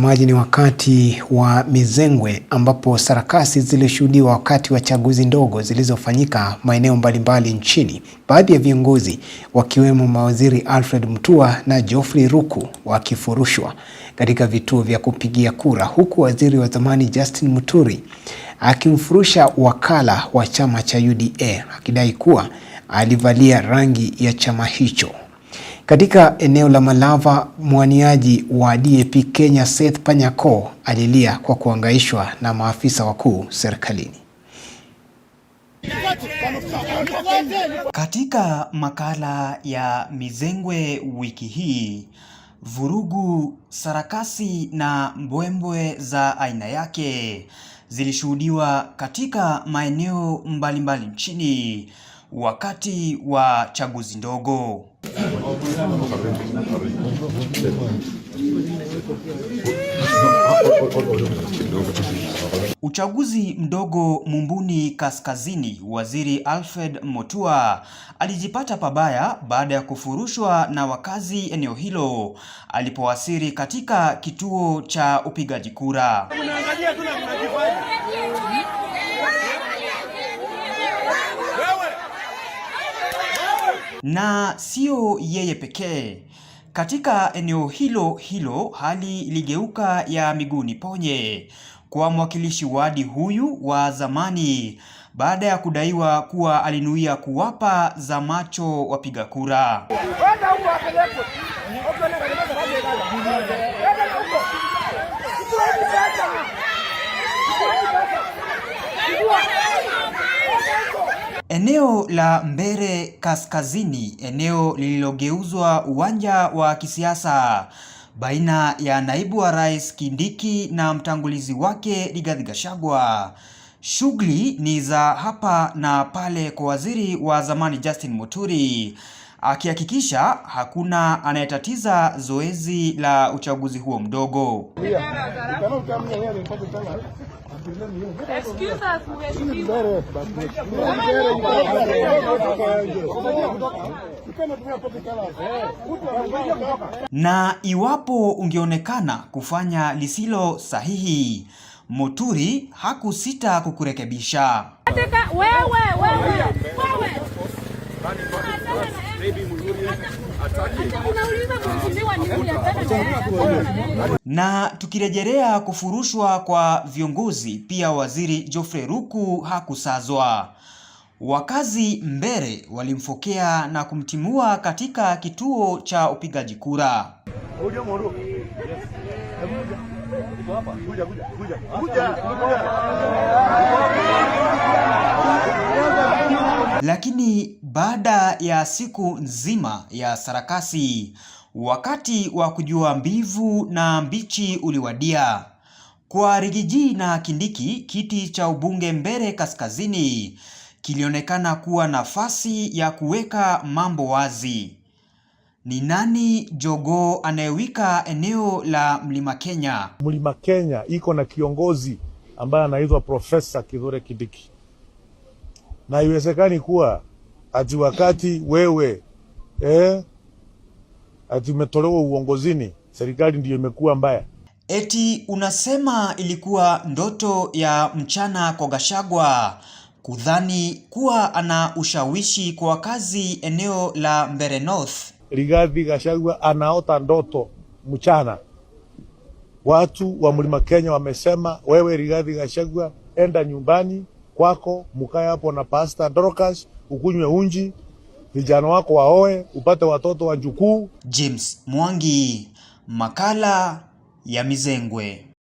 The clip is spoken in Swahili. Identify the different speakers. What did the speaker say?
Speaker 1: Maji ni wakati wa mizengwe ambapo sarakasi zilishuhudiwa wakati wa chaguzi ndogo zilizofanyika maeneo mbalimbali nchini. Baadhi ya viongozi wakiwemo mawaziri Alfred Mutua na Geoffrey Ruku wakifurushwa katika vituo vya kupigia kura, huku waziri wa zamani Justin Muturi akimfurusha wakala wa chama cha UDA akidai kuwa alivalia rangi ya chama hicho. Katika eneo la Malava, mwaniaji wa DAP Kenya Seth Panyako alilia kwa kuhangaishwa na maafisa wakuu serikalini.
Speaker 2: Katika makala ya Mizengwe wiki hii, vurugu, sarakasi na mbwembwe za aina yake zilishuhudiwa katika maeneo mbalimbali nchini wakati wa chaguzi ndogo. Uchaguzi mdogo Mumbuni Kaskazini, Waziri Alfred motua alijipata pabaya baada ya kufurushwa na wakazi eneo hilo alipowasili katika kituo cha upigaji kura. na sio yeye pekee. Katika eneo hilo hilo hali iligeuka ya Miguni Ponye kwa mwakilishi wadi huyu wa zamani baada ya kudaiwa kuwa alinuia kuwapa za macho wapiga kura. Eneo la Mbere Kaskazini, eneo lililogeuzwa uwanja wa kisiasa baina ya naibu wa rais Kindiki na mtangulizi wake Rigathi Gachagua. Shughuli ni za hapa na pale kwa waziri wa zamani Justin Muturi akihakikisha hakuna anayetatiza zoezi la uchaguzi huo mdogo na iwapo ungeonekana kufanya lisilo sahihi, Muturi hakusita kukurekebisha. Na tukirejelea kufurushwa kwa viongozi, pia Waziri Geoffrey Ruku hakusazwa. Wakazi Mbere walimfokea na kumtimua katika kituo cha upigaji kura. Lakini baada ya siku nzima ya sarakasi, wakati wa kujua mbivu na mbichi uliwadia. Kwa Rigiji na Kindiki, kiti cha ubunge Mbeere Kaskazini kilionekana kuwa nafasi ya kuweka mambo wazi. Ni nani jogoo anayewika eneo la Mlima Kenya?
Speaker 3: Mlima Kenya iko na kiongozi ambaye anaitwa Profesa Kithure Kindiki na iwezekani kuwa ati wakati wewe eh, ati umetolewa uongozini serikali ndiyo imekuwa mbaya.
Speaker 2: Eti unasema ilikuwa ndoto ya mchana kwa Gashagwa kudhani kuwa ana ushawishi kwa wakazi eneo la Mbeere North.
Speaker 3: Rigathi Gachagua anaota ndoto mchana. Watu wa Mlima Kenya wamesema wewe Rigathi Gachagua, enda nyumbani kwako, mkae hapo na Pasta Dorcas, ukunywe unji, vijana wako waoe, upate watoto wa jukuu.
Speaker 2: James Mwangi, makala ya Mizengwe.